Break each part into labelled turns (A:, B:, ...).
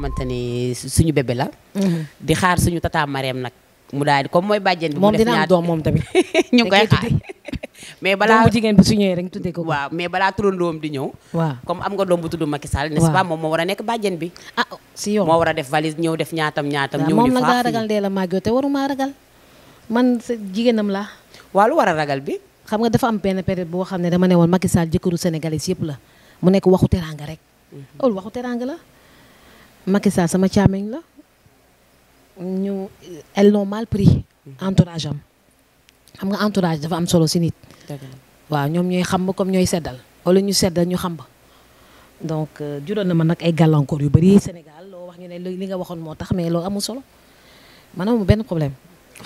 A: xamante ni suñu bébé la. Mm-hmm. di xaar suñu tata Marème nag. mu daal di comme mooy bàjjen bi mu def ñaar moom dina am doom moom tamit. ñu ngi koy xaar mais balaa jigéen bi su ñëwee rek tuddee ko. waaw mais balaa turandoom di ñëw. waaw comme am nga doom bu tuddu Macky Sall. waaw nest pas moom moo war a nekk bàjjen bi. ah si yow moo war a def valise ñëw def ñaatam ñaatam. ñëw di faafu moom nag daa ragal
B: dee la màggee te waruma ragal man sa jigéenam la waaw lu war a ragal bi. xam nga dafa am benn période boo xam ne dama ne woon Macky Sall jëkkëru sénégalais yëpp la mu nekk waxu teranga rek. Mm-hmm. loolu waxu teranga Macky Sall sama càmmiñ la ñu elles l'ont mal pris entourage am xam nga entourage dafa am solo ci nit waaw ñom ñoy xam ba comme ñoy sédal wala ñu sédal ñu xam ba donc euh, juróon na ma nak ay galancor yu bari Sénégal lo wax ñu ne li nga waxoon moo tax mais lo amul solo manam mu benn problème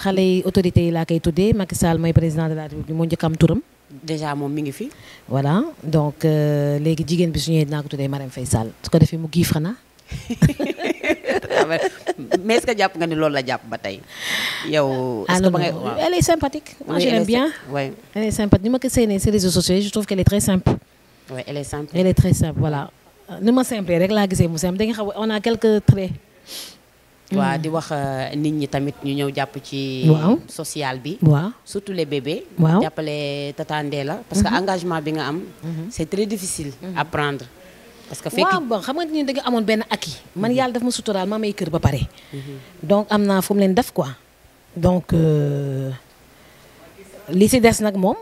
B: xalé yi autorités yi laa koy tuddee Macky Sall mooy président de la République mo njëkk am turam déjà mom mi ngi fi voilà donc euh, légui jigen bi suñu nak dinaa ko tuddee Marème Faye Sall su ko defee mu giif
A: mais est-ce que jàpp nga ni la jàpp ba tey est-ce ah que ba ngay elle est sympathique. moi je l'aime bien. Ouais.
B: elle est sympathique ni que c'est seenee si réseaux sociaux je trouve qu'elle est très simple. oui elle est simple. elle est très simple voilà. ni ma simple rek la gisee mu simple da on a quelques traits. Wa, di wax euh, nit ñi tamit ñu ñëw japp ci. social bi. waaw
A: surtout les bébés. jappalé Tata ndé la. parce que mhm. engagement bi nga am. Mhm. c'est très difficile mhm. à prendre parce que fekk
B: bon xam nga ni dañu amoon benn ak yi man mhm. yalla daf ma sutural ma may kër ba pare. Mhm. donc amna naa fu mu leen def quoi. donc euh, li si des nak mom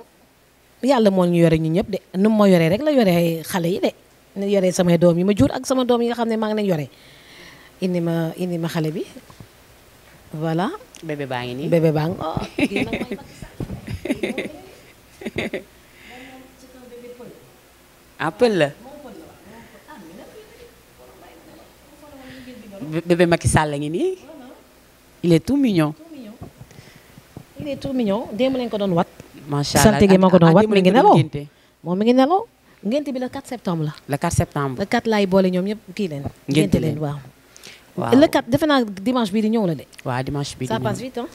B: yalla moo ñu yoré ñu ñëpp dé nu mo yoré rek la yoree xalé yi dé nu yoré sama doom yi ma jur ak sama doom yi nga xamné ne maa ngi leen yore indi ma indi ma xalé bi voilà. bébé baa ni bébé baa oh. appel la. bébé Macky Sall ngi ni
A: il est tout mignon.
B: il est tout mignon démb len ko don wat.
A: macha allah sant gi moo ko ah, wat mi ngi nelo
B: mo mi ngi nelo ngent bi le 4 septembre la.
A: le 4 septembre le
B: 4 lay bolé ñom ñep ki len ngent len waaw. waaw le 4 defena dimanche bi di ñëw la dé waaw dimanche bi di ça passe vite hein.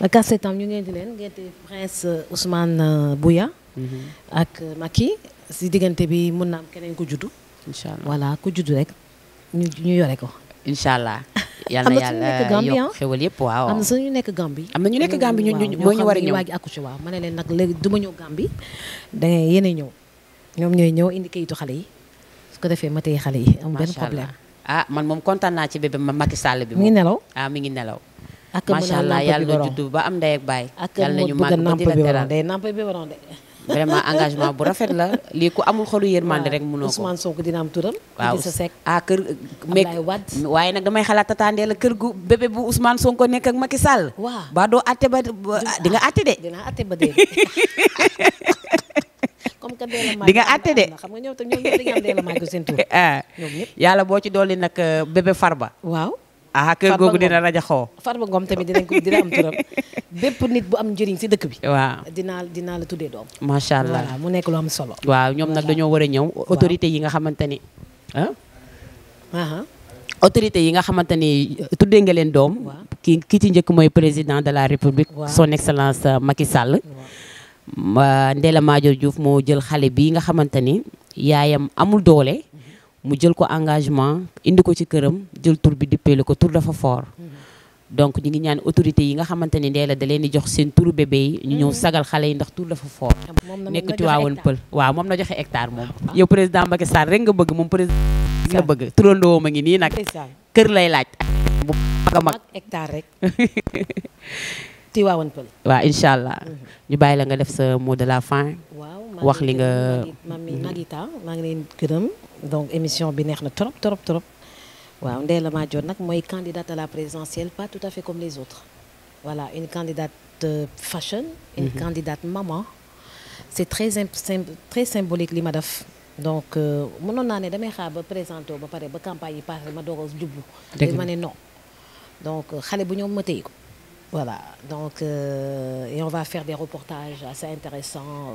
B: le 4 septembre ñu ngent len ngent prince euh, Ousmane euh, Bouya. Mm-hmm. ak euh, Macky si diggante bi mun na am keneen ko juddu. inshallah allah voilà ku juddu rek ñu ñu yoré ko. incha allah. yal na yàlla yokk ah? xewal yëpp waaw. am na suñu nekk Gambie. am na ñu nekk Gambie ñu a ñëw waaw ma ne leen nag léegi du ma ñëw Gambie. da ngay yéen a ñoom ñëw indi kayitu xale yi su ko defee ma tey xale yi am benn problème.
A: ah moom kontaan naa ci bébé Macky Sall bi. mi ngi nelaw ah mi ngi nelaw.
B: ak mën a nàmp bi borom macha allah yàlla na juddu
A: ba am ndey ak baay. yàlla na ñu màgg ba dina a de. vraiment engagement bu rafet la lii ku amul xolu yërmande rek mënoo ko Sonko dina am turam waaw sa ah kër mais waaye nag damay xalaat tataandee la kër gu bébé bu Ousmane Sonko nekk ak Macky Sall waaw ba doo atte ba di nga atte de
B: dina ba comme que Ndéla nga àtte de xam nga ñoom tam
A: ah. yàlla boo ci dolli nag euh, bébé Farba. waaw. ah kër googu dina rajaxoo
B: Farba Ngom tamit ko dina am turam bépp nit bu am njëriñ si dëkk bi waaw dinaa dinaa la tuddee doom macha allah mu nekk lu am solo
A: waaw ñoom nag dañoo war a ñëw autorité yi nga xamante ni ah yi nga xamante ni tuddee nga leen doom ki ki ci njëkk mooy président de la république son excellence euh, Macky Sall Ndella Madior Diouf moo jël xale bi nga xamante ni yaayam amul doole mm. mu jël ko engagement indi ko ci kërëm jël tour bi dippeelu ko tour dafa fort donc ñi ngi ñaan autorité yi nga xamanteni ni la da jox seen turu bébé yi ñu ñëw sagal xalé yi ndax tour dafa fort nekk Tivaouane peul waaw mom na joxe hectare mom ah, ah. yow président Macky Sall rek nga bëgg mom président nga bëgg turandoo ma ngi ni nak kër lay laaj bu
B: mag hectare rek ti peul wa
A: inshallah ñu bayila nga def sa mot de la fin wax li nga
B: Mami magita, ma ngi leen donc émission Binaire trop trop trop waaw Ndella Madior nak moy candidate à la présidentielle pas tout à fait comme les autres voilà une candidate euh, fashion une mhm. candidate maman c'est très très symbolique li donc je euh, naa damay xaba présenter présenté ba ba campagne yi passé ma doog djublu Je léegi non donc euh, xalé bu ñoom voilà donc et on va faire des reportages assez intéressants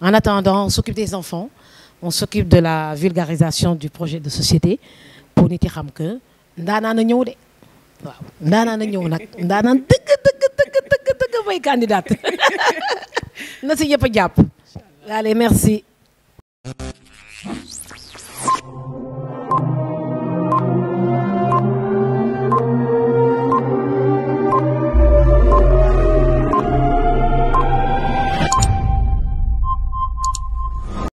B: En attendant, on s'occupe des enfants, on s'occupe de la vulgarisation du projet de société pour nit yi que ndaanaan na ñëw de waaw ndaanaan a ñëw nag ndaanaan dëgg dëgg dëgg dëgg dëgg candidate na si ñëpp a jàpp. allez merci.